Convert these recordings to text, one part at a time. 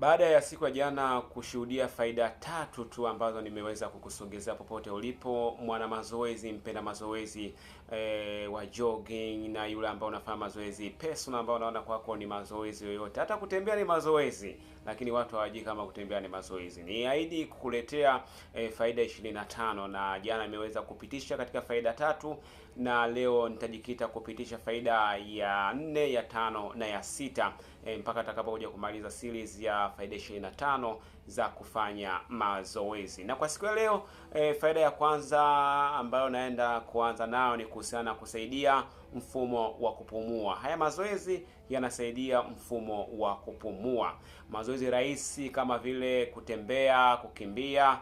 Baada ya siku ya jana kushuhudia faida tatu tu ambazo nimeweza kukusogezea popote ulipo, mwana mazoezi, mpenda mazoezi e, wa jogging na yule ambao unafanya mazoezi personal, ambao unaona kwako ni mazoezi yoyote, hata kutembea ni mazoezi, lakini watu hawajui kama kutembea ni mazoezi. Ni ahidi kukuletea e, faida 25 na jana nimeweza kupitisha katika faida tatu, na leo nitajikita kupitisha faida ya nne, ya tano na ya sita e, mpaka atakapokuja kumaliza series ya faida 25 za kufanya mazoezi. Na kwa siku ya leo e, faida ya kwanza ambayo naenda kuanza nayo ni kuhusiana na kusaidia mfumo wa kupumua. Haya mazoezi yanasaidia mfumo wa kupumua, mazoezi rahisi kama vile kutembea, kukimbia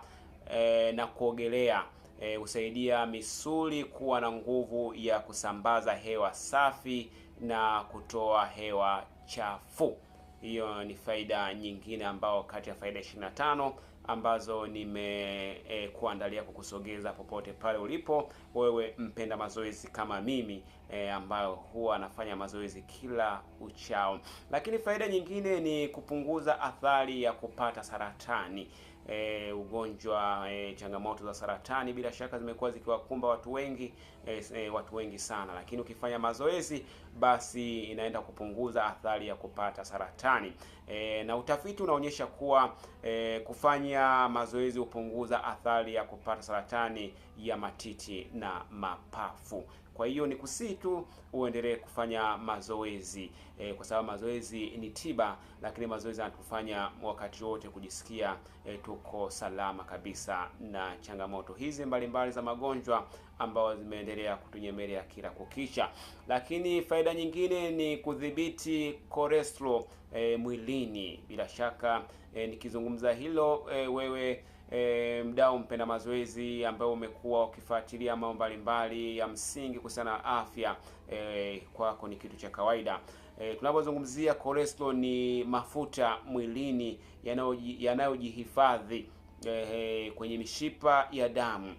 e, na kuogelea eh, husaidia e, misuli kuwa na nguvu ya kusambaza hewa safi na kutoa hewa chafu. Hiyo ni faida nyingine ambao kati ya faida 25 ambazo nimekuandalia e, kukusogeza popote pale ulipo wewe mpenda mazoezi kama mimi e, ambayo huwa anafanya mazoezi kila uchao. Lakini faida nyingine ni kupunguza athari ya kupata saratani e, ugonjwa e, changamoto za saratani bila shaka zimekuwa zikiwakumba watu wengi e, e, watu wengi sana, lakini ukifanya mazoezi basi inaenda kupunguza athari ya kupata saratani e, na utafiti unaonyesha kuwa e, kufanya mazoezi hupunguza athari ya kupata saratani ya matiti na mapafu. Kwa hiyo ni kusii tu uendelee kufanya mazoezi e, kwa sababu mazoezi ni tiba, lakini mazoezi yanatufanya wakati wote kujisikia e, tu tuko salama kabisa na changamoto hizi mbalimbali mbali za magonjwa ambayo zimeendelea kutunyemelea kila kukicha. Lakini faida nyingine ni kudhibiti cholesterol e, mwilini. Bila shaka e, nikizungumza hilo e, wewe mdau mpenda mazoezi ambayo umekuwa ukifuatilia mambo mbalimbali ya msingi kuhusiana na afya e, kwako ni kitu cha kawaida. E, tunapozungumzia cholesterol ni mafuta mwilini yanayojihifadhi e, kwenye mishipa ya damu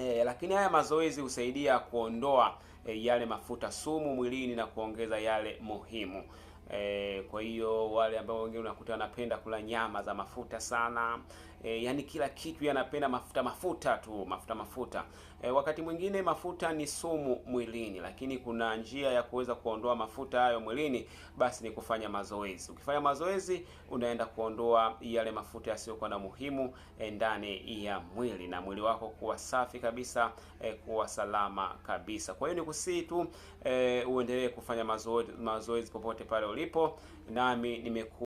e, lakini haya mazoezi husaidia kuondoa e, yale mafuta sumu mwilini na kuongeza yale muhimu. E, kwa hiyo wale ambao wengine unakuta wanapenda kula nyama za mafuta sana e, yani kila kitu yanapenda mafuta mafuta tu mafuta mafuta. E, wakati mwingine mafuta ni sumu mwilini, lakini kuna njia ya kuweza kuondoa mafuta hayo mwilini, basi ni kufanya mazoezi. Ukifanya mazoezi unaenda kuondoa yale mafuta yasiyokuwa na muhimu e, ndani ya mwili na mwili wako kuwa safi kabisa e, kuwa salama kabisa. Kwa hiyo ni kusii tu e, uendelee kufanya mazoezi, mazoezi popote pale ulipo, nami nimekuwa